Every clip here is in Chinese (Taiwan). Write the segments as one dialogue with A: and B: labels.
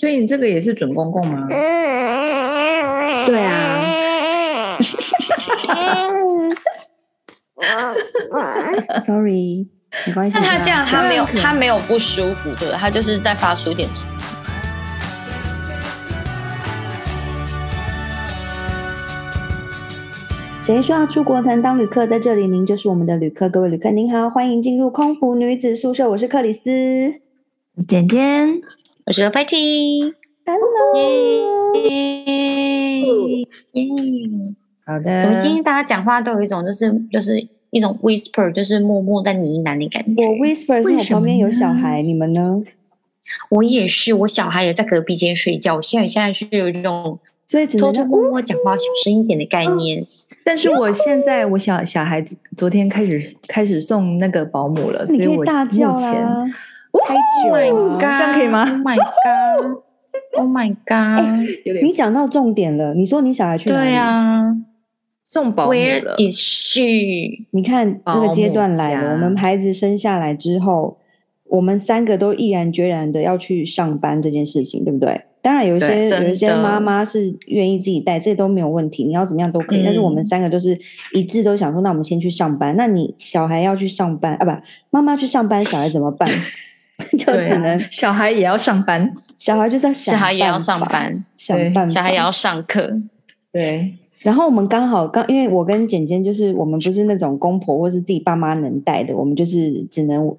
A: 所以你這個也是準公共嗎？嗯、對啊。哈哈哈哈哈。Sorry， 沒關係。那他這樣，他沒有，他沒有不舒服，對吧？他就是在發出一點聲音。誰說要出國才能當旅客？在這裡，您就是我們的旅客。各位旅客，您好，歡迎進入空服女子宿舍。我是克里斯，我是簡簡。我是 Patty，Hello，耶耶，好的。怎麼今天大家講話都有一種就是就是一種 whisper，就是默默在呢喃的感覺。我 whisper 是我旁邊有小孩，你們呢？我也是，我小孩也在隔壁間睡覺，所以我現在，現在是有一種偷偷摸摸講話小聲一點的概念。哦，但是我現在我小小孩昨天開始開始送那個保姆了，所以我目前。哦、oh、my god，oh、my god 這樣可以嗎？Oh my god，Oh my god，欸、你講到重點了，你說你小孩去哪裡？對啊，送保姆了 Where is she？你看這個階段來了，我們孩子生下來之後，我們三個都毅然決然的要去上班這件事情，對不對？當然有一些有一些媽媽是願意自己帶，這都沒有問題，你要怎麼樣都可以。嗯、但是我們三個都是一致都想說，那我們先去上班。那你小孩要去上班啊？不，媽媽去上班，小孩怎麼辦？ 就只能小孩也要上班，啊、小孩就是要想小孩也要上班，小孩也要上課，對。然後我們剛好剛，因為我跟簡簡就是我們不是那種公婆或是自己爸媽能帶的，我們就是只能。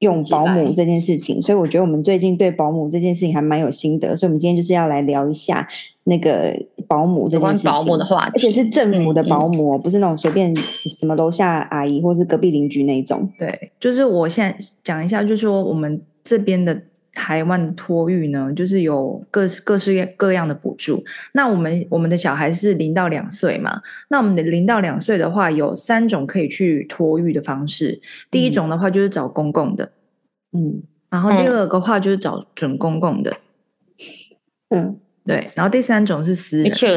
A: 用保母這件事情，所以我覺得我們最近對保母這件事情還蠻有心得，所以我們今天就是要來聊一下那個保母這件事情。保母的話題，而且是政府的保母，嗯，不是那種隨便什麼樓下阿姨或是隔壁鄰居那種。對，就是我現在講一下，就是說我們這邊的。台灣的托育呢，就是有各各式各樣的補助。那我們我們的小孩是零到兩歲嘛，那我們的零到兩歲的話，有三種可以去托育的方式。嗯、第一種的話就是找公共的，嗯，然後第二個的話就是找準公共的，嗯，對，然後第三種是私人。你說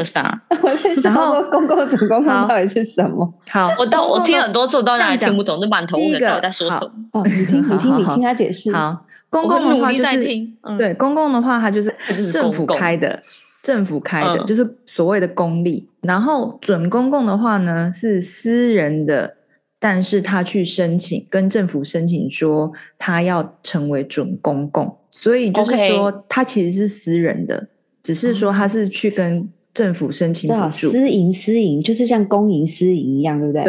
A: 我公共準公共到底是什麼？ 好，好我到都我聽很多次，到現在聽不懂，就滿頭霧的在說說哦，你聽，你聽，你聽他解釋 好。公共的話就是，是、嗯、對，公共的話它就是政府開的，政府開的，嗯、就是所謂的公立。然後準公共的話呢是私人的，但是他去申請跟政府申請說他要成為準公共，所以就是說他其實是私人的，只是說他是去跟政府申請。私營私營就是像公營私營一樣，對不對？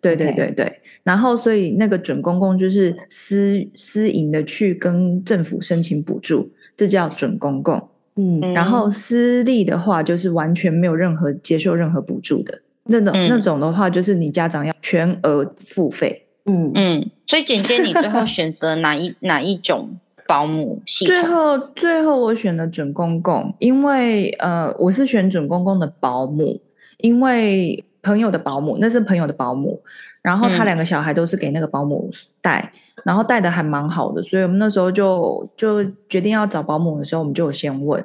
A: 對對對對對。Okay. 然後，所以那個準公共就是私私營的，去跟政府申請補助，這叫準公共。嗯，嗯，然後私立的話，就是完全沒有任何接受任何補助的那種、嗯、那種的話，就是你家長要全額付費。嗯，嗯。所以簡介你最後選擇哪一 哪一種保姆系統？最後，最後我選了準公共，因為呃，我是選準公共的保姆，因為朋友的保姆，那是朋友的保姆。然後他兩個小孩都是給那個保姆帶，嗯、帶然後帶的還蠻好的，所以我們那時候就就決定要找保姆的時候，我們就有先問。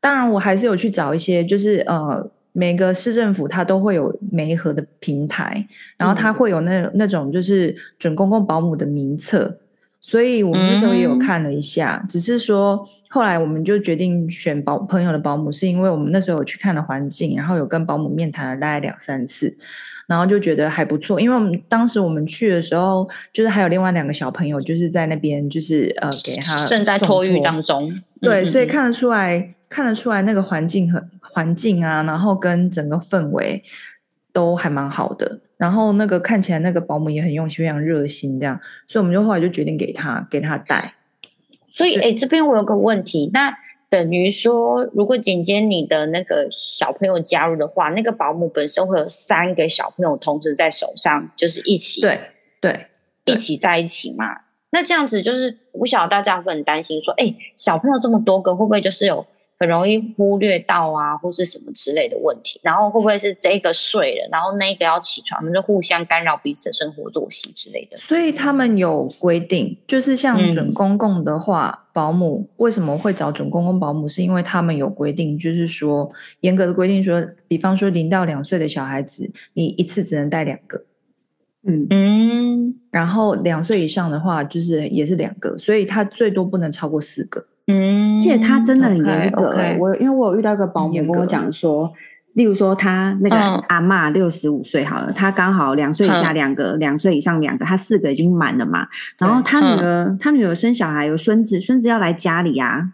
A: 當然，我還是有去找一些，就是呃，每個市政府它都會有媒合的平台，然後它會有那那種就是準公共保姆的名冊，所以我們那時候也有看了一下。嗯、只是說後來我們就決定選保朋友的保姆，是因為我們那時候有去看的環境，然後有跟保姆面談了大概兩三次。然後就覺得還不錯，因為我們當時我們去的時候，就是還有另外兩個小朋友，就是在那邊，就是呃，給他正在托育當中，對，嗯嗯，所以看得出來，看得出來那個環境很環境啊，然後跟整個氛圍都還蠻好的。然後那個看起來那個保姆也很用心，非常熱心，這樣，所以我們就後來就決定給他給他帶。所以，所以，哎，這邊我有個問題，那。等於說，如果緊接你的那個小朋友加入的話，那個保姆本身會有三個小朋友同時在手上，就是一起對對一起在一起嘛？對那這樣子就是，我想大家會很擔心說，哎、欸，小朋友這麼多個，會不會就是有？很容易忽略到啊，或是什麼之類的問題，然後會不會是這個睡了，然後那個要起床，就互相干擾彼此的生活作息之類的。所以他們有規定，就是像準公共的話，嗯、保姆為什麼會找準公共保姆？是因為他們有規定，就是說嚴格的規定，說，比方說零到兩歲的小孩子，你一次只能帶兩個。嗯嗯，然後兩歲以上的話，就是也是兩個，所以他最多不能超過四個。嗯，而且他真的很嚴格。我因為我有遇到一個保姆，跟我講說，例如說他那個阿嬤六十五歲好了，他剛好兩歲以下兩個，兩歲以上兩個，他四個已經滿了嘛。然後他女兒，他女兒生小孩有孫子，孫子要來家裡啊。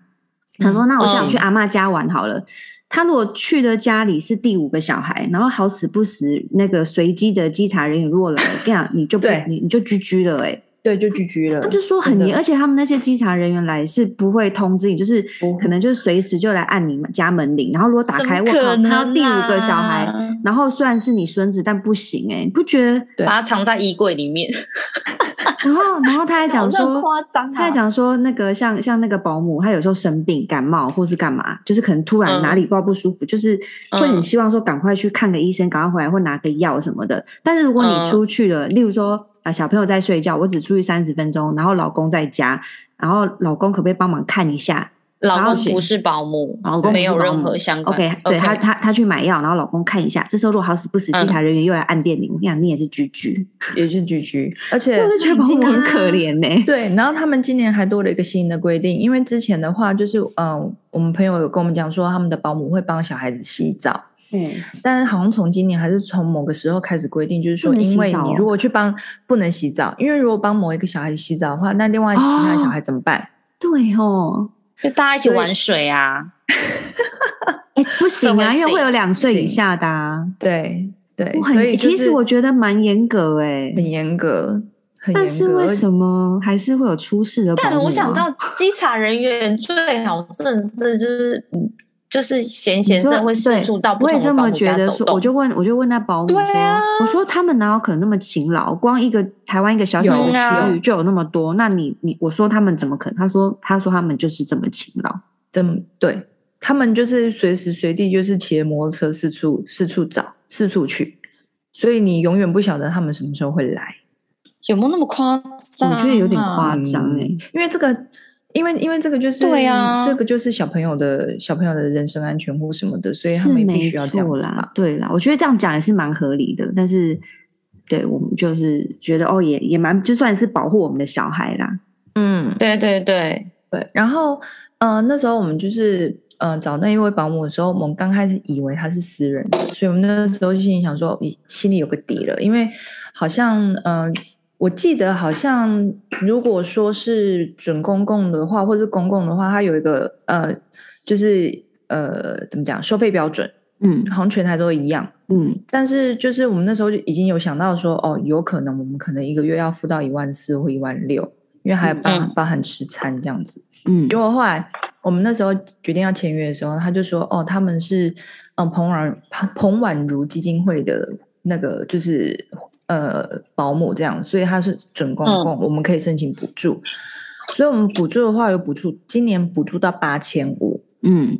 B: 他說：“那我想去阿
A: 嬤家玩好了。”他如果去的家裡是第五個小孩，然後好死不死那個隨機的稽查人員如果來，這樣你就不你你就 GG 了欸對，就拒絕了。他就說很嚴，的而且他們那些稽查人員來是不會通知你，就是可能就是隨時就來按你們家門鈴，然後如果打開，我、啊、靠，他第五個小孩，然後雖然是你孫子，但不行哎、欸，你不覺得？對把他藏在衣櫃裡面。 然後，然後他還講說、 啊、他還講說那個像像那個保姆，他有時候生病、感冒或是幹嘛，就是可能突然哪裡抱、嗯、不，不舒服，就是會很希望說趕快去看個醫生，趕快回來或拿個藥什麼的。但是如果你出去了，嗯、例如說。啊，小朋友在睡覺，我只出去三十分鐘，然後老公在家，然後老公可不可以幫忙看一下？老公不是保姆，老公沒有任何相關。OK，對他 Okay.，他他去買藥，然後老公看一下。這時候如果好死不死，稽查、嗯、人員又來按電鈴，我跟你講，你也是 GG，也是 GG，而且我覺得保姆很可憐呢、欸。且憐欸、對，然後他們今年還多了一個新的規定，因為之前的話就是，嗯，我們朋友有跟我們講說，他們的保姆會幫小孩子洗澡。嗯，但是好像從今年還是從某個時候開始規定，就是說，因為你如果去幫不能洗澡，洗澡啊、因為如果幫某一個小孩洗澡的話，那另外其他小孩怎麼辦？哦對哦，就大家一起玩水啊！以 欸、不行啊，行因為會有兩歲以下的。啊。對對，對很所以、就是、其實我覺得蠻嚴格哎、欸，很嚴格，很嚴格。但是為什麼還是會有出事的、啊？但我想到稽查人員最好甚至就是嗯。就是閒閒正會四處到處幫人家走動。我也這麼覺得說，說我就問我就問那保姆說，啊、我說他們哪有可能那麼勤勞？光一個台灣一個小小的區就有那麼多，啊、那你你我說他們怎麼可能？他說他說他們就是這麼勤勞，這、嗯、對他們就是隨時隨地就是騎着摩托車四處四處找四處去，所以你永遠不曉得他們什麼時候會來。有沒有那麼誇張、啊？我覺得有點誇張哎、欸，嗯、因為這個。因為因為這個就是對呀，這個就是小朋友的小朋友的人身安全或什麼的，所以他們也必須要這樣了。對啦，我覺得這樣講也是蠻合理的。但是，對我們就是覺得哦，也也蠻就算是保護我們的小孩啦。嗯，對對對對。然後，嗯、呃，那時候我們就是嗯、呃、找那一位保姆的時候，我們剛開始以為他是私人的，所以我們那時候就心裡想說，心裡有個底了，因為好像嗯。呃我記得好像，如果說是準公共的話，或是公共的話，它有一個呃，就是呃，怎麼講？收費標準，嗯，好像全台都一樣，嗯。但是就是我們那時候就已經有想到說，哦，有可能我們可能一個月要付到一萬四或一萬六，因
B: 為還包含、嗯、
A: 包含吃餐這樣子，嗯。結果後來我們那時候決定要簽約的時候，他就說，哦，他們是呃彭婉彭彭婉如基金會的那個，就是。呃，保母這樣，所以他是準公共，嗯、我們可以申請補助。所以，我們補助的話有補助，今年補助到八千五。嗯，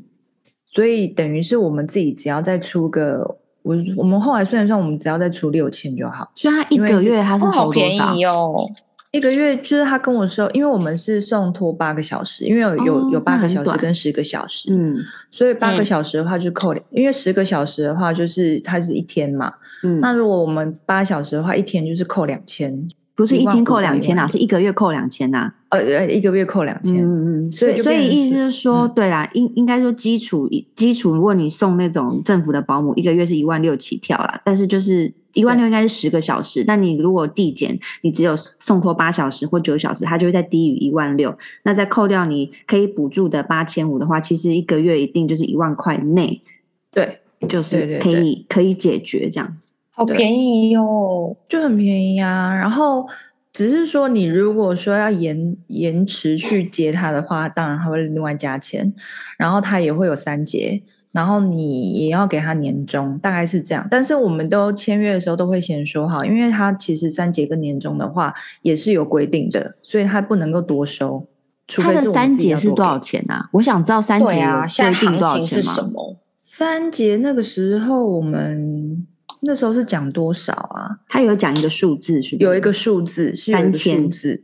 A: 所以等於是我們自己只要再出個，我我們後來算一算，我們只要再出六千就好。所以他一個月他是多少、哦、好便宜哦，一個月就是他跟我說，因為我們是送托八個小時，因為有、哦、有有八個小時跟十個小時，嗯，所以八個小時的話就扣，嗯、因為十個小時的話就是他是一天嘛。嗯，那如果我們八小時的話，一天就是扣兩千，不是一天扣兩千啊，00 000, 是一個月扣兩千吶，呃呃，一個月扣兩千，嗯嗯，所以所以意思就是說，嗯、對啦，應應該說基礎基礎，如果你送那種政府的保母，一個月是一萬六起跳啦，但是就是一萬六應該是十個小時，那對你如果遞減，你只有送托八小時或九小時，它就會再低於一萬六，那再扣掉你可以補助的八千五的話，其實一個月一定就是一萬塊內，對，就是可以對對對對可以解決這樣。好、哦、對便宜喲、哦，就很便宜呀！啊。然後只是說，你如果說要延延遲去接他的話，當然他會另外加錢。然後他也會有三節，然後你也要給他年終，大概是這樣。但是我們都簽約的時候都會先說好，因為他其實三節跟年終的話也是有規定的，所以他不能夠多收。除非他的三節是多少錢啊？我想知道三節定，啊、現在行情是什麼？三節那個時候我們。那時候是講多少啊？他有講一個數字是有一個數字三千是，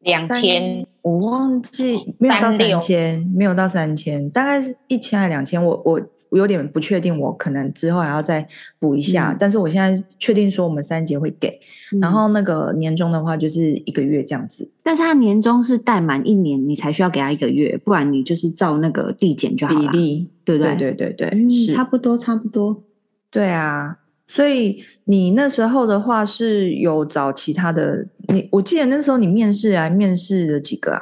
A: 兩千我忘記沒有到三千，沒有到三千，大概是一千還兩千？我我有點不確定，我可能之後還要再補一下。但是我現在確定說我們三節會給，然後那個年終的話就是一個月這樣子。但是他年終是待滿一年，你才需要給他一個月，不然你就是照那個遞減就好了比例，對對對對對，嗯，差不多差不多，對啊。所以你那時候的話是有找其他的，你，我記得那時候你面試啊面試了幾個啊？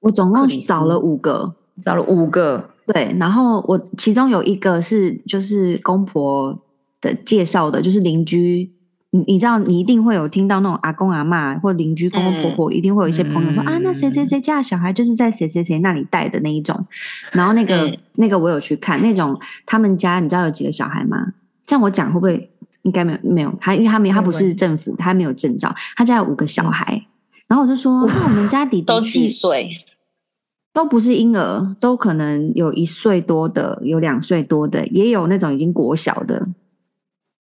A: 我總共找了五個，找了五個。對，然後我其中有一個是就是公婆的介紹的，就是鄰居。你，你知道，你一定會有聽到那種阿公阿嬤或鄰居公公婆婆婆，嗯、一定會有一些朋友說、嗯、啊，那誰誰誰家小孩就是在誰誰誰那裡帶的那一種。然後那個、嗯、那個我有去看那種他們家，你知道有幾個小孩嗎？像我講會不會應該沒有沒有他，因為他沒有因為他不是政府，他沒有證照，他家有五個小孩，嗯、然後我就說，那哇我們家底的都幾歲？都不是嬰兒，都可能有一歲多的，有兩歲多的，也有那種已經國小的，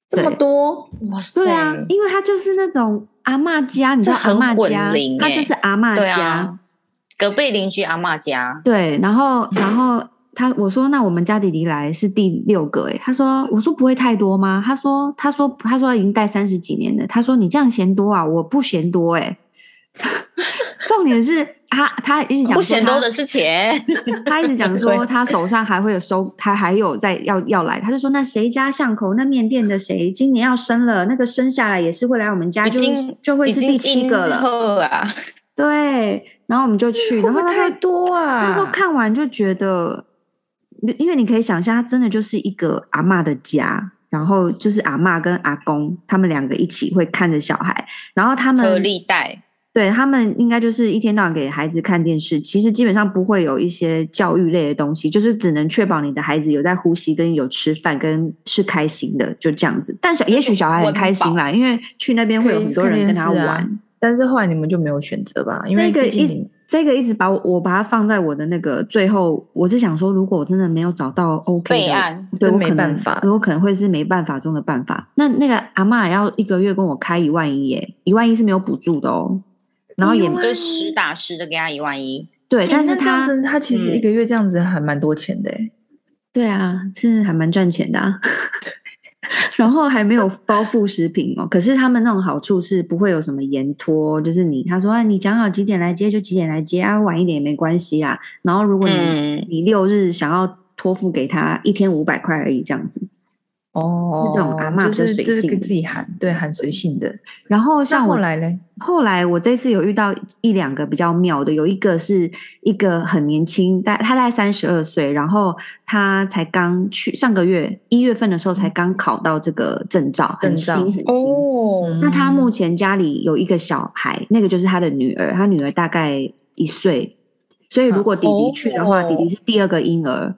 A: 這麼多哇塞！對啊，因為他就是那種阿嬤家，你知道，阿嬤家，那、欸、就是阿嬤家對、啊，隔壁鄰居阿嬤家，對，然後然後。嗯他我說，那我們家弟弟來是第六個誒、欸、他說，我說不會太多嗎？他說他說他說已經帶三十幾年了，他說你這樣嫌多啊，我不嫌多誒、欸、 重點是他、啊、他一直講不嫌多的是錢， 他一直講說他手上還會有收，他還有在要要來，他就說那誰家巷口那麵店的誰今年要生了，那個生下來也是會來我們家，就就會是第七個了，然後啊。對，然後我們就去，然後他說會不會太多啊，那時候看完就覺得。因為你可以想象，它真的就是一個阿嬤的家，然後就是阿嬤跟阿公他們兩個一起會看着小孩，然後他們，隔代，對他們應該就是一天到晚給孩子看電視，其實基本上不會有一些教育類的東西，嗯、就是只能確保你的孩子有在呼吸、跟有吃飯、跟是開心的，就這樣子。但是也許小孩很開心啦，因為去那邊會有很多人跟他玩、啊，但是後來你們就沒有選擇吧，因為畢竟。這個一直把我我把它放在我的那個最後，我是想說，如果我真的沒有找到 OK，備案，對我可沒辦法，可我可能會是沒辦法中的辦法。那那個阿嬤要一個月跟我開一萬一耶，一萬一是沒有補助的哦，然後也跟實打實的給他一萬一，
B: 對，但是他、欸嗯、
A: 他其實一個月這樣子還蠻多錢的，對啊，是還蠻賺錢的、啊。 然後還沒有包副食品哦， 可是他們那種好處是不會有什麼延托，就是你他說啊，你講好幾點來接就幾點來接，啊晚一點也沒關係啊。然後如果你、嗯、你六日想要托付給他，一天五百塊而已這樣子。哦，是這種阿媽的隨性，是自己喊，對，喊隨性的。然後像我來嘞，後來我這次有遇到一兩個比較妙的，有一個是一個很年輕，大他大概三十二歲，然後他才剛去上個月一月份的時候才剛考到這個證照，很新很新哦。那他目前家裡有一個小孩，那個就是他的女兒，他女兒大概一歲，所以如果弟弟去的話，弟弟是第二個嬰兒。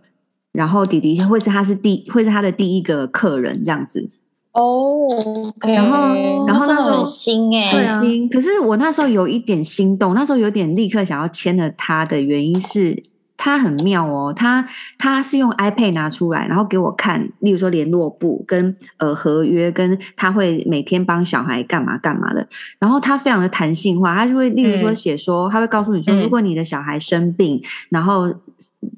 A: 然後弟弟會是他是第會是他的第一個客人這樣子哦，oh, okay. 然後然後那時候很新欸，很新，可是我那時候有一點心動，那時候有點立刻想要簽了他的原因是。他很妙哦，他他是用 iPad 拿出來，然後給我看，例如說聯絡簿跟呃合約，跟他會每天幫小孩幹嘛幹嘛的，然後他非常的彈性化，他就會、嗯、例如說寫說，他會告訴你說，如果你的小孩生病，嗯、然後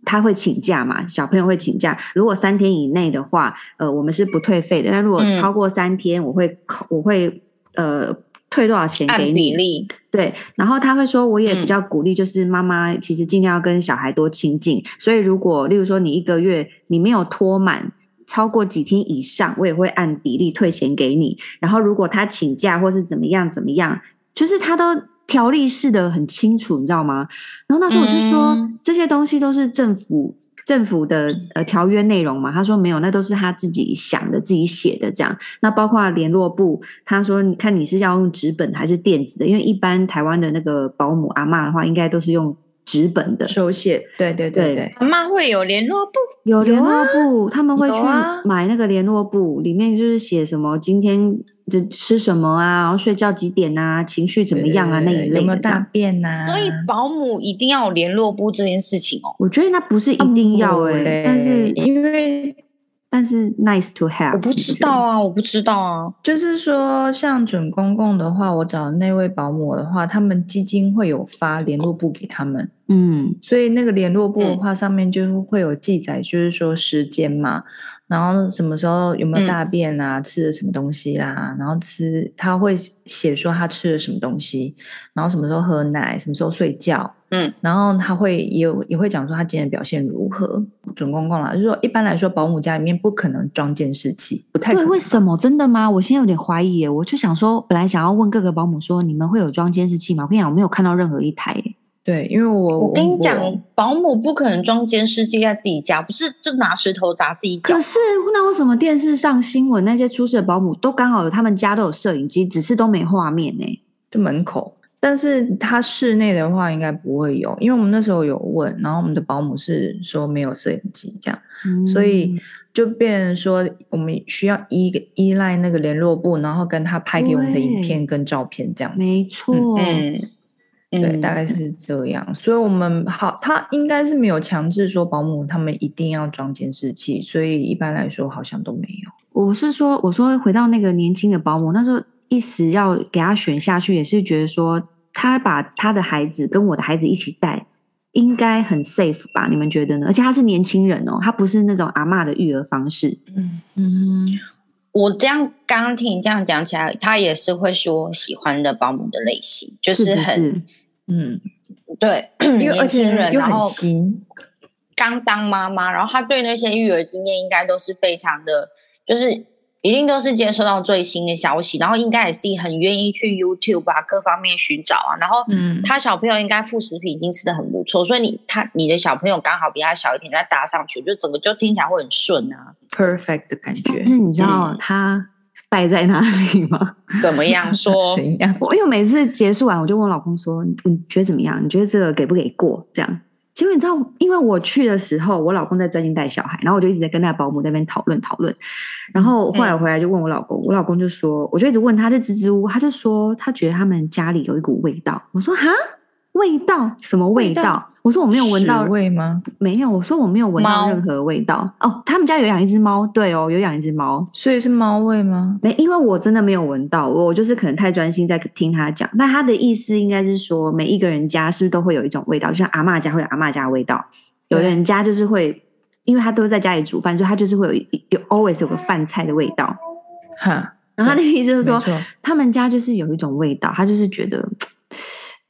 A: 他會請假嘛，小朋友會請假，如果三天以內的話，呃，我們是不退費的，但如果超過三天，我會扣，我會呃。退多少錢給你？按比例。對，然後他會說，我也比較鼓勵，就是媽媽其實儘量要跟小孩多親近。嗯、所以如果例如說你一個月你沒有托滿超過幾天以上，我也會按比例退錢給你。然後如果他請假或是怎麼樣怎麼樣，就是他都條例式的很清楚，你知道嗎？然後那時候我就說，嗯、這些東西都是政府。政府的呃條約內容嘛，他說沒有，那都是他自己想的、自己寫的這樣。那包括聯絡簿，他說你看你是要用紙本還是電子的？因為一般台灣的那個保母阿嬤的話，應該都是用紙本的。手寫，對對對對。阿嬤會有聯絡簿？有聯絡簿，啊、他們會去買那個聯絡簿，啊、裡面就是寫什麼今天。就吃什麼啊？然後睡覺幾點啊？情緒怎麼樣啊？對那一類有沒有大便啊？那所以保母一定要有聯絡簿這件事情哦。我覺得那不是一定要哎、欸，但是因為但是 nice to have，我不知道啊，我不知道啊。就是說，像準公共的話，我找那位保母的話，他們基金會有發聯絡簿給他們。嗯，所以那個聯絡簿的話，上面就會有記載，就是說時間嘛。嗯嗯然後什麼時候有沒有大便啊？嗯、吃了什麼東西啦、啊？然後吃他會寫說他吃了什麼東西，然後什麼時候喝奶，什麼時候睡覺，嗯，然後他會也也會講說他今天表現如何。準公共啦，就是說一般來說保姆家裡面不可能裝監視器，不太。對，為什麼真的嗎？我現在有點懷疑耶，我就想說本來想要問各個保姆說你們會有裝監視器嗎？我跟你講，我沒有看到任何一台。對，因為我我跟你講，我保姆不可能裝監視器在自己家，不是就拿石頭砸自己家？可是，那為什麼電視上新聞那些出事的保姆都剛好他們家都有攝影機，只是都沒畫面呢？欸？就門口，但是他室內的話應該不會有，因為我們那時候有問，然後我們的保姆是說沒有攝影機這樣，嗯、所以就變成說我們需要依依賴那個聯絡部，然後跟他拍給我們的影片跟照片這樣子。沒錯。嗯嗯對，大概是這樣，嗯、所以我們好，他應該是沒有強制說保姆他們一定要裝監視器，所以一般來說好像都沒有。我是說，我說回到那個年輕的保姆，那時候一時要給他選下去，也是覺得說他把他的孩子跟我的孩子一起帶，應該很 safe 吧？你們覺得呢？而且他是年輕人哦，他不是那種阿嬤的育兒方式。嗯嗯。嗯我這樣剛聽你這樣講起來，他也是會說喜歡的保姆的類型，是不是就是很？嗯，對，因為 年輕人然後剛當媽媽，然後他對那些育兒經驗應該都是非常的，就是。一定都是接收到最新的消息，然後應該也是很願意去 YouTube 啊，各方面尋找啊。然後，嗯，他小朋友應該副食品已經吃得很不錯，所以你他你的小朋友剛好比他小一點，再搭上去，就整個就聽起來會很順啊，Perfect 的感覺。但是你知道他敗在哪裡嗎？對怎麼樣說？怎樣？我因為每次結束完，我就問我老公說：“你覺得怎麼樣？你覺得這個給不給過？”這樣。結果你知道，因為我去的時候，我老公在專心帶小孩，然後我就一直在跟那保姆那邊討論討論，然後後來我回來就問我老公，對我老公就說，我就一直問他，就支支吾吾，他就說他覺得他們家裡有一股味道，我說哈。味道什麼味道？味道我說我沒有聞到味嗎？沒有，我說我沒有聞到任何味道。貓哦，他們家有養一隻貓，對哦，有養一隻貓，所以是貓味嗎？沒，因為我真的沒有聞到，我就是可能太專心在聽他講。那他的意思應該是說，每一個人家是不是都會有一種味道，就像阿嬤家會有阿嬤家的味道，對有的人家就是會，因為他都在家裡煮飯，所以他就是會有有 always 有個飯菜的味道。哈，然後他的意思就是說，對他們家就是有一種味道，他就是覺得。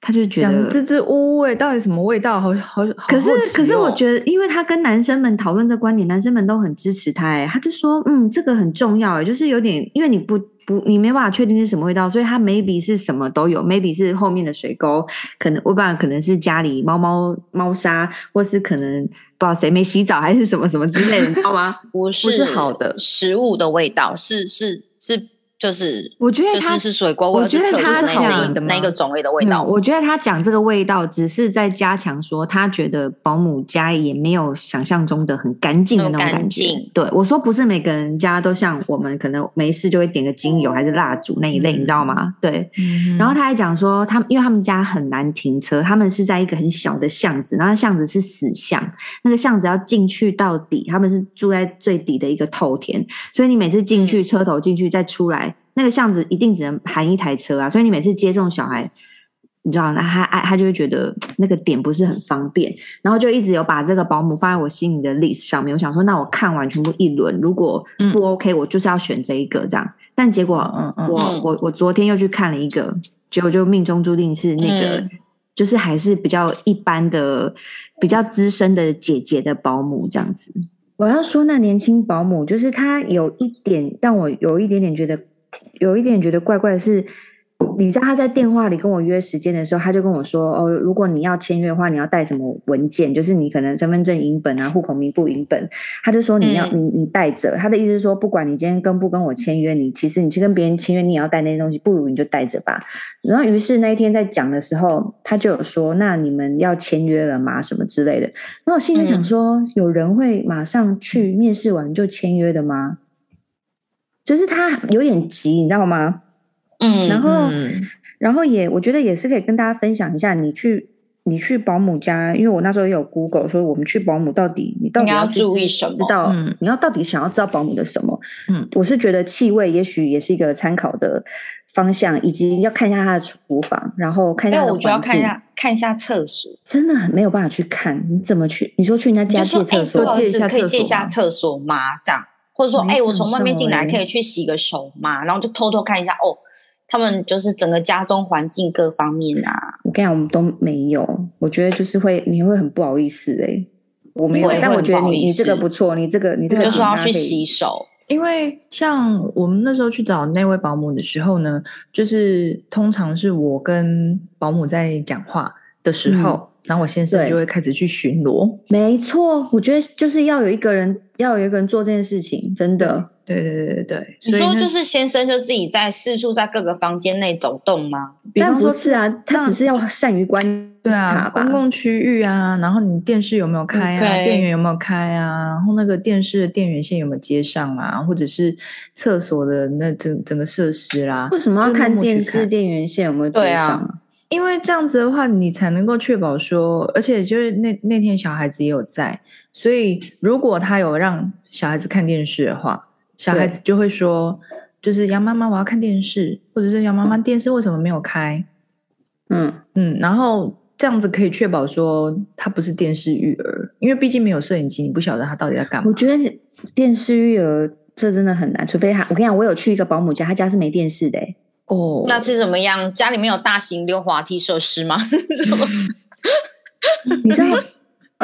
A: 他就覺得滋滋烏烏哎，到底什麼味道？好好好，可是可是我覺得，因為他跟男生們討論這觀點，男生們都很支持他、欸。他就說，嗯，這個很重要哎、欸，就是有點，因為你不不，你沒辦法確定是什麼味道，所以他 maybe 是什麼都有，maybe 是後面的水溝，可能我不知道可能是家裡貓貓貓砂，或是可能不知道誰沒洗澡還是什麼什麼之類的，你知道嗎？我 不是好的食物的味道，是是是，是。就是我覺得他是，是水果味，我覺得他講的那個種類的味道、嗯。我覺得他講這個味道，只是在加強說他覺得保姆家也沒有想象中的很乾淨的那種感覺。對，我說不是每個人家都像我們，可能沒事就會點個精油還是蠟燭那一類，嗯、你知道嗎？對。嗯、然後他還講說，他們因為他們家很難停車，他們是在一個很小的巷子，然後巷子是死巷，那個巷子要進去到底，他們是住在最底的一個透天，所以你每次進去、嗯、車頭進去再出來。那個巷子一定只能含一台車啊，所以你每次接送小孩，你知道嗎？那他他他就會覺得那個點不是很方便，然後就一直有把這個保姆放在我心裡的 list 上面。我想說，那我看完全部一輪，如果不 OK，嗯、我就是要選這一個這樣。但結果，嗯嗯，我我我昨天又去看了一個，結果就命中注定是那個，嗯、就是還是比較一般的、比較資深的姐姐的保姆這樣子。我要說，那年輕保姆就是她有一點讓我有一點點覺得。有一點覺得怪怪的是，你知道他在電話裡跟我約時間的時候，他就跟我說：“哦，如果你要簽約的話，你要帶什麼文件？就是你可能身份證影本啊，戶口名簿影本。”他就說：“你要你你帶着。”他的意思是說，不管你今天跟不跟我簽約，你其實你去跟別人簽約，你也要帶那些東西。不如你就帶着吧。然後於是那一天在講的時候，他就有說：“那你們要簽約了嗎？什麼之類的？”那我心裡想說，有人會馬上去面試完就簽約的嗎？就是他有點急，你知道嗎？嗯，然後，嗯、然後也，我覺得也是可以跟大家分享一下。你去，你去保母家，因為我那時候也有 Google，說我們去保母到底，你到底要，你要注意什麼？知道、嗯、你要到底想要知道保母的什麼？嗯，我是覺得氣味也許也是一個參考的方向，以及要看一下他的廚房，然後看一下他的。但我覺得要看一下，看一下廁所，真的很沒有辦法去看，你怎麼去？你說去人家家借廁所，可以借一下廁所嗎？這樣。或者說，哎事、欸，我從外面進來，對可以去洗個手嘛？然後就偷偷看一下哦，他們就是整個家中環境各方面啊。我跟你講，我們都沒有，我覺得就是會，你會很不好意思哎、欸。我沒有，我但我覺得你你這個不錯，你這個你這個。就說要去洗手，因為像我們那時候去找那位保姆的時候呢，就是通常是我跟保姆在講話的時候。嗯然後我先生就會開始去巡邏，沒錯。我覺得就是要有一個人，要有一個人做這件事情，真的。對對對對對。你說就是先生就自己在四處在各個房間內走動嗎？但不是啊，他只是要善於觀察但、啊。公共區域啊，然後你電視有沒有開啊？對電源有沒有開啊？然後那個電視的電源線有沒有接上啊？或者是廁所的那整整個設施啦、啊？為什麼要看電視電源線有沒有接上、啊？對啊因為這樣子的話，你才能夠確保說，而且就是那那天小孩子也有在，所以如果他有讓小孩子看電視的話，小孩子就會說，對就是楊媽媽我要看電視，或者是楊媽媽電視為什麼沒有開？嗯嗯，然後這樣子可以確保說他不是電視育兒，因為畢竟沒有攝影機，你不曉得他到底在幹嘛。我覺得電視育兒這真的很難，除非他我跟你講，我有去一個保姆家，他家是沒電視的欸。哦，oh, 那是怎麼樣？家裡面有大型溜滑梯設施嗎？ 你知道，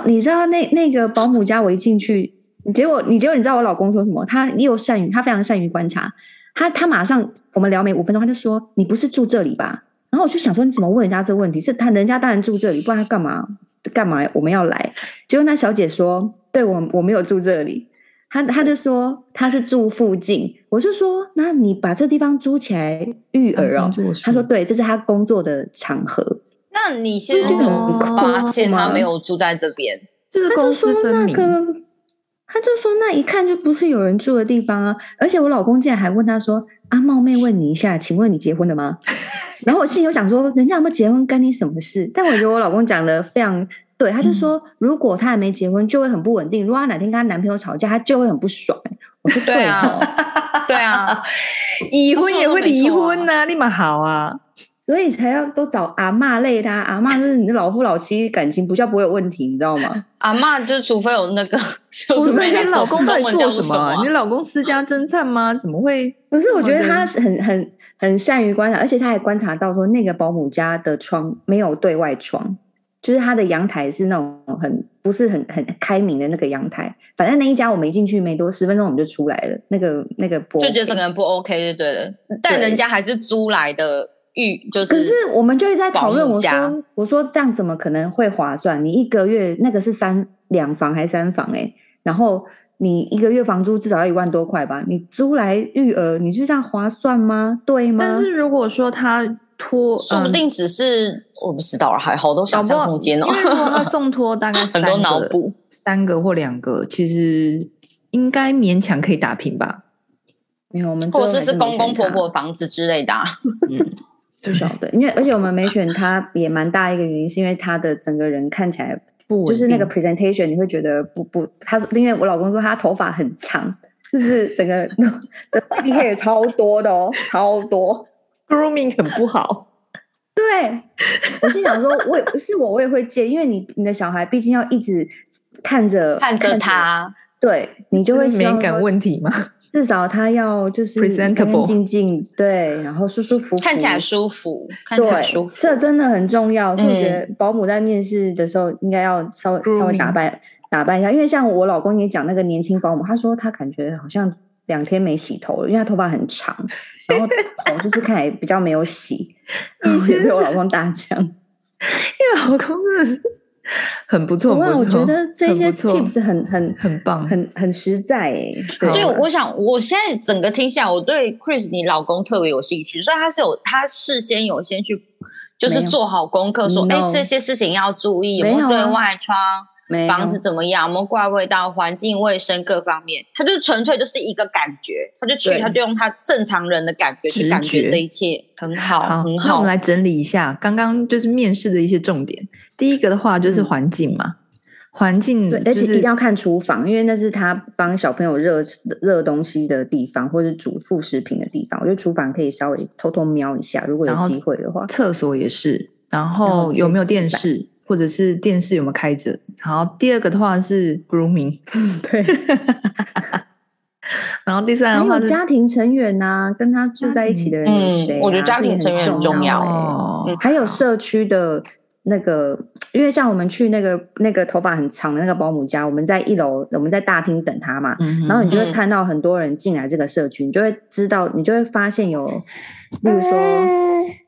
A: 你知道那那個保姆家，我一進去，結果，你結果你知道我老公說什麼？他又善於，他非常善於觀察，他他馬上，我們聊沒五分鐘，他就說：“你不是住這裡吧？”然後我就想說：“你怎麼問人家這問題？是他人家當然住這裡，不然他幹嘛幹嘛？幹嘛我們要來？結果那小姐說：‘對我，我沒有住這裡。’”他他就說他是住附近，我就說，那你把這地方租起來育兒哦、喔。他，就是、他說對，這是他工作的場合。那你現在怎麼發現他沒有住在這邊？就是、那個、公私分明。他就說那一看就不是有人住的地方啊！而且我老公竟然還問他說啊，冒昧問你一下，請問你結婚了嗎？ 然後我心裡又想說，人家有沒有結婚干你什麼事？但我覺得我老公講的非常。對，他就說，如果她還沒結婚，就會很不穩定；嗯、如果她哪天跟她男朋友吵架，她就會很不爽。我說對，對啊，對啊，已 婚也會離婚啊，立馬 好啊，所以才要都找阿嬤累他。阿嬤就是你的老夫老妻感情比較不會有問題，你知道嗎？ 阿嬤就除非有那個，就是、妹妹妹不是你老公在做什麼、啊？ 你老公私家偵探嗎？怎麼會？可、嗯、是我覺得他是很很很善於觀察，而且他還觀察到說那個保母家的窗沒有對外窗。就是他的陽台是那種很不是很很開明的那個陽台，反正那一家我們一進去沒多十分鐘我們就出來了。那個那個玻、OK，就覺得這個人不 OK 就對了，對但人家還是租來的寓就是。可是我們就是在討論，我說我說這樣怎麼可能會划算？你一個月那個是三兩房還是三房誒、欸，然後你一個月房租至少要一萬多塊吧？你租來育兒，你就這樣划算嗎？對嗎？但是如果說他。托說不定只是、嗯、我不知道了，還好，好多想象空間哦、喔。啊、他送托大概三個，三個或兩個，其實應該勉強可以打平吧。因為我們，或者是，是公公婆婆、婆的房子之類的、啊嗯，不曉對 得。因為而且我們沒選他，也蠻大一個原因，是因為他的整個人看起來不就是那個 presentation，你會覺得不不他。因為我老公說他，他頭髮很長，就是整個皮屑 也超多的哦，超多。Grooming 很不好，對，我是想說我也，我是我我也會借，因為你你的小孩畢竟要一直看着看着他看，對，你就會敏感問題嘛，至少他要就是乾乾淨淨，對，然後舒舒服服服，看起來舒服，對，看起來舒服，這真的很重要。所以我覺得保母在面試的時候應該要稍微稍微打扮打扮一下，因為像我老公也講那個年輕保母，他說他感覺好像，兩天沒洗頭了，因為他頭髮很長，然後我就是看起來比較沒有洗。也是被我老公打獎。 因為老公真的是很不錯，我覺得這些 tips 很很很，很，很棒，很很實在、欸。啊、所以我想，我現在整個聽下來，我對 Chris 你老公特別有興趣。所以他是有他事先有先去，就是做好功課，有說哎 No、欸，這些事情要注意，沒有，有沒有對外窗？房子怎麼樣？美我們怪味道？環境衛生各方面，他就純粹就是一個感覺，他就去，他對就用他正常人的感覺去感覺這一切很好。覺很好，那我們來整理一下剛剛就是面試的一些重點。第一個的話就是環境嘛，環、嗯、境、就是對，而且一定要看廚房，因為那是他幫小朋友熱熱東西的地方，或者煮副食品的地方。我覺得廚房可以稍微偷偷瞄一下，後如果有機會的話。廁所也是，然後有沒有電視？或者是電視有沒有開着？然後第二個的話是 grooming。嗯，對。 然後第三個的話是家庭成員啊，跟他住在一起的人有誰？我覺得家庭成員很重要哦、欸。還有社區的那個，好因為像我們去那個那個頭髮很長的那個保姆家，我們在一樓，我們在大廳等他嘛。嗯哼嗯哼，然後你就會看到很多人進來這個社區，你就會知道，你就會發現有。例如說，哎、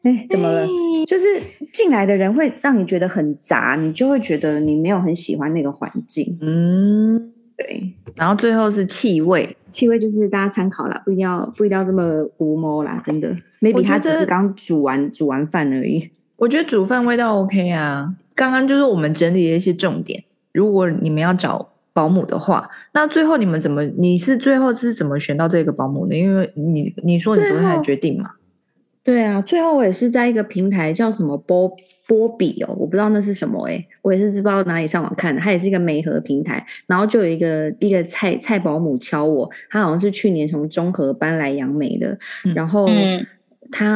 A: 欸欸，怎麼了？欸、就是進來的人會讓你覺得很雜，你就會覺得你沒有很喜歡那個環境。嗯，對。然後最後是氣味，氣味就是大家參考啦，不一定要不一定要這麼無謀啦，真的。maybe 他只是剛煮完煮完飯而已。我覺得煮飯味道 OK 啊。剛剛就是我們整理的一些重點。如果你們要找保姆的話，那最後你們怎麼？你是最後是怎麼選到這個保姆的？因為你你說你昨天才決定嘛。對啊，最後我也是在一個平台叫什麼波波比哦，我不知道那是什麼誒、欸，我也是不知道哪裡上網看的，它也是一個媒合平台，然後就有一個一個蔡蔡保姆敲我，他好像是去年從中和搬來楊梅的，嗯、然後他、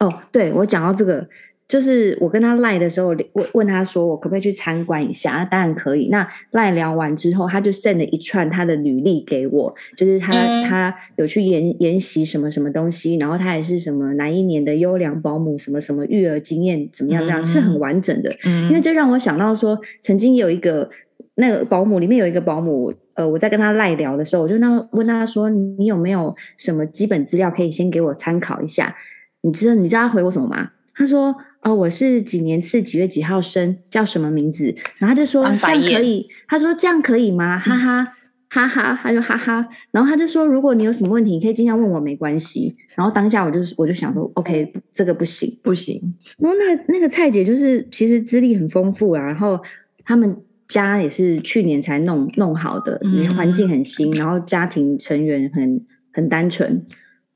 A: 嗯、哦，對，我講到這個。就是我跟他 LINE 的時候，我問他說：“我可不可以去參觀一下？”當然可以。那 LINE 聊完之後，他就 send 了一串他的履歷給我，就是他、嗯、他有去研研習什麼什麼東西，然後他也是什麼哪一年的優良保姆，什麼什麼育兒經驗怎麼樣，這樣、嗯、是很完整的。嗯，因為這讓我想到說，曾經有一個那個保姆裡面有一個保姆，呃，我在跟他 LINE 聊的時候，我就那問他說：“你有沒有什麼基本資料可以先給我參考一下？”你知道你知道他回我什麼嗎？他說。哦，我是幾年次幾月幾號生，叫什麼名字？然後他就說、啊、這樣可以，他說這樣可以嗎？哈哈、嗯、哈哈他就哈哈。然後他就說，如果你有什麼問題，你可以經常問我，沒關係。然後當下我就我就想說，OK，這個不行，不行。然後那個那個蔡姐就是其實資歷很豐富啊，然後他們家也是去年才弄弄好的，環、嗯、境很新，然後家庭成員很很單純，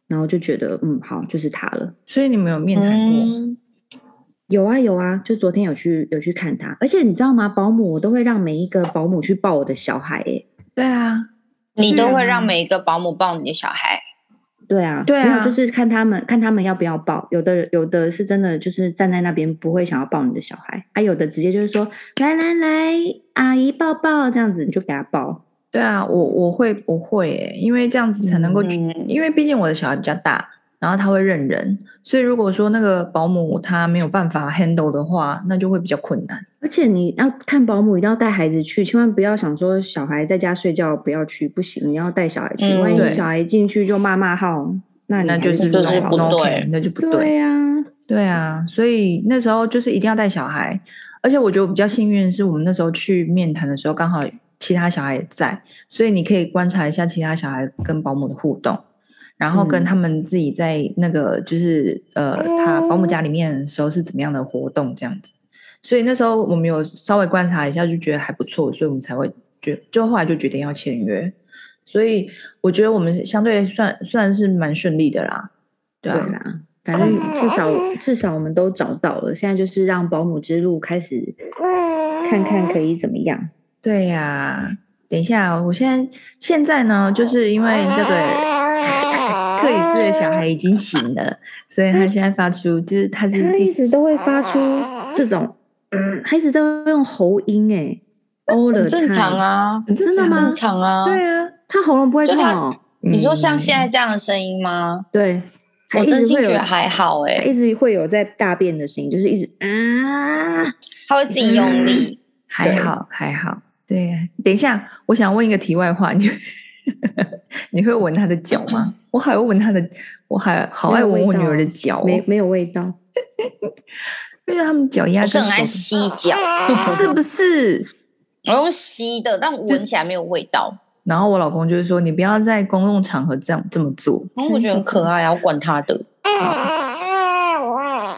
A: 然後就覺得嗯，好，就是他了。所以你們有面談過？嗯有啊有啊，就昨天有去有去看他，而且你知道嗎？保母，我都會讓每一個保母去抱我的小孩誒。對啊，你都會讓每一個保母抱你的小孩？對啊，對啊，然後就是看他們看他們要不要抱，有的有的是真的就是站在那邊不會想要抱你的小孩，還、啊、有的直接就是說來來來，阿姨抱抱這樣子你就給他抱。對啊，我我會不會誒，因為這樣子才能夠，嗯、因為畢竟我的小孩比較大。然後他會認人，所以如果說那個保姆他沒有辦法 handle 的話，那就會比較困難。而且你要看保姆一定要帶孩子去，千萬不要想說小孩在家睡覺不要去，不行，你要帶小孩去。萬一小孩進去就罵罵號，嗯，那來那就是這是不對，那就不對呀！對啊，對啊。所以那時候就是一定要帶小孩，而且我覺得我比較幸運的是我們那時候去面談的時候剛好其他小孩也在，所以你可以觀察一下其他小孩跟保姆的互動。然後跟他們自己在那個就是、嗯、呃，他保姆家裡面的時候是怎麼樣的活動這樣子，所以那時候我們有稍微觀察一下，就覺得還不錯，所以我們才會覺得就後來就決定要簽約。所以我覺得我們相對算算是蠻順利的啦，
B: 對啦、啊，對啊、
A: 反正至少 Okay. 至少我們都找到了，現在就是讓保姆之路開始看看可以怎麼樣。對呀、啊，等一下、哦，我現在現在呢，就是因為那個。對對克里斯的小孩已經醒了，啊、所以他現在發出、嗯、就是他是他一直都會發出這種，啊、嗯，他一直都用喉音哎、欸，哦了正常啊，真的嗎？正常啊，對啊，他喉嚨不會痛、喔、你說像現在這樣的聲音嗎？嗯、對，我真心覺得還好哎、欸，一直會有在大便的聲音，就是一直啊，他會自己用力，還好對還好，對、啊。等一下，我想問一個題外話，你。 你會聞他的腳嗎？呃、我還會聞他的，我還好愛聞我女兒的腳，沒沒有味道。對啊， 他們腳丫更愛吸腳，是不是？我用吸的，但聞起來沒有味道。 然後我老公就是說：“你不要在公共場合這樣這麼做。”我覺得很可愛啊，我管他的。 啊、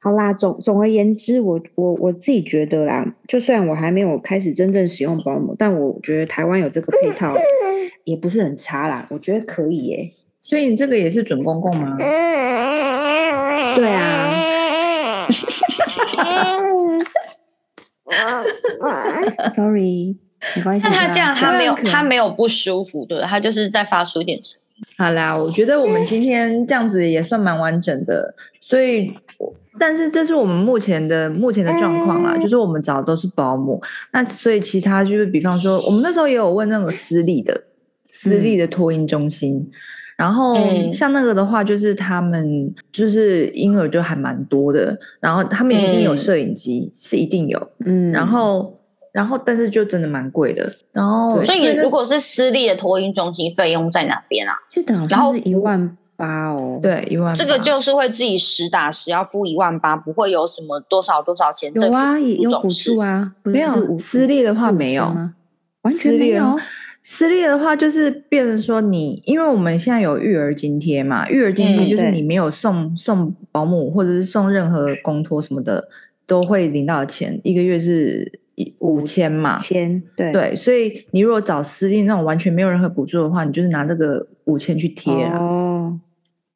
A: 好啦，總總而言之，我我我自己覺得啦，就算我還沒有開始真正使用保姆，但我覺得台灣有這個配套。嗯嗯也不是很差啦，我覺得可以耶、欸。所以你這個也是準公共嗎？嗯、對啊。sorry 沒關係。那他這樣，他沒有，他沒有不舒服，對他就是在發出一點聲音。好啦，我覺得我們今天這樣子也算蠻完整的，所以。但是這是我們目前的目前的狀況啦，嗯、就是我們找的都是保姆，那所以其他就是比方說，我們那時候也有問那種私立的私立的托嬰中心，嗯、然後像那個的話，就是他們就是嬰兒就還蠻多的，然後他們一定有攝影機、嗯、是一定有，嗯，然後然後但是就真的蠻貴的，然後、嗯、對所以如果是私立的托嬰中心，費用在哪邊啊？記得然後是一萬。八哦，對，一萬八。這個就是會自己實打實要付一萬八，不會有什麼多少多少錢。有啊，有補助啊，是沒有私立的話沒有，完全沒有。私立的話就是變成說你，因為我們現在有育兒津貼嘛，育兒津貼就是你沒有送、嗯、送保姆或者是送任何公托什麼的，都會領到的錢，一個月是五千嘛，千對對。所以你如果找私立那種完全沒有任何補助的話，你就是拿這個五千去貼啊。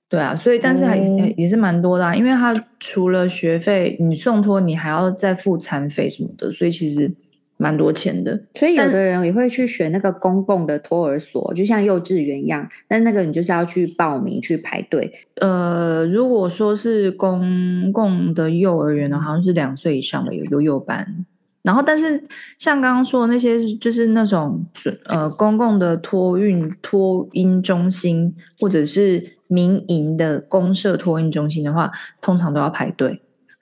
A: 對啊，所以但是還、嗯、還也是蠻多的，啊，因為他除了學費，你送托你還要再付餐費什麼的，所以其實蠻多錢的。嗯、但，所以有的人也會去選那個公共的托兒所，就像幼稚園一樣。但那個你就是要去報名去排隊。呃，如果說是公共的幼兒園呢，好像是兩歲以上的有幼幼班。然後，但是像剛剛說的那些，就是那種呃公共的托運托嬰中心，或者是。民營的公設托嬰中心的話，通常都要排隊，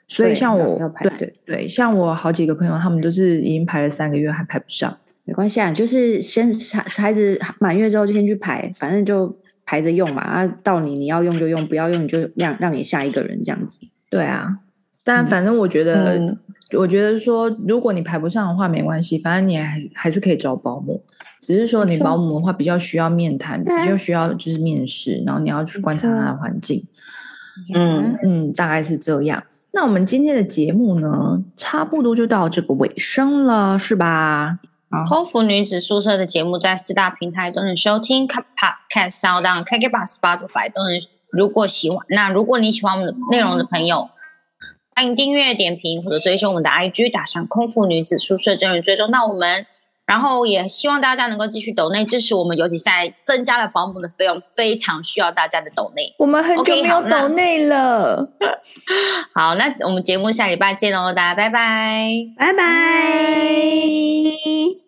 A: 所以像我對要排隊對對，像我好幾個朋友，他們都是已經排了三個月還排不上。沒關係啊，就是先孩孩子滿月之後就先去排，反正就排着用嘛，啊到你你要用就用，不要用你就讓讓你下一個人這樣子，對啊，但反正我覺得、嗯、我覺得說，如果你排不上的話沒關係，反正你還是還是可以找保姆。只是說，你保姆的話比較需要面談，嗯、比較需要就是面試，然後你要去觀察他的環境。沒錯，嗯嗯，大概是這樣。那我們今天的節目呢，差不多就到這個尾聲了，是吧？好好空服女子宿舍的節目在四大平台都能收聽，Podcast，SoundOn、KKBOX、Spotify 都能。如果喜歡，那如果你喜歡我們的內容的朋友，嗯、歡迎訂閱、點評或者追蹤我們的 IG，打上“空服女子宿舍”就能追蹤到我們。那我們。然後也希望大家能夠繼續抖內支持我們，尤其現在增加了保姆的費用，非常需要大家的抖內。我們很久沒有抖內了。好，那我們節目下禮拜見哦，大家拜拜，拜拜。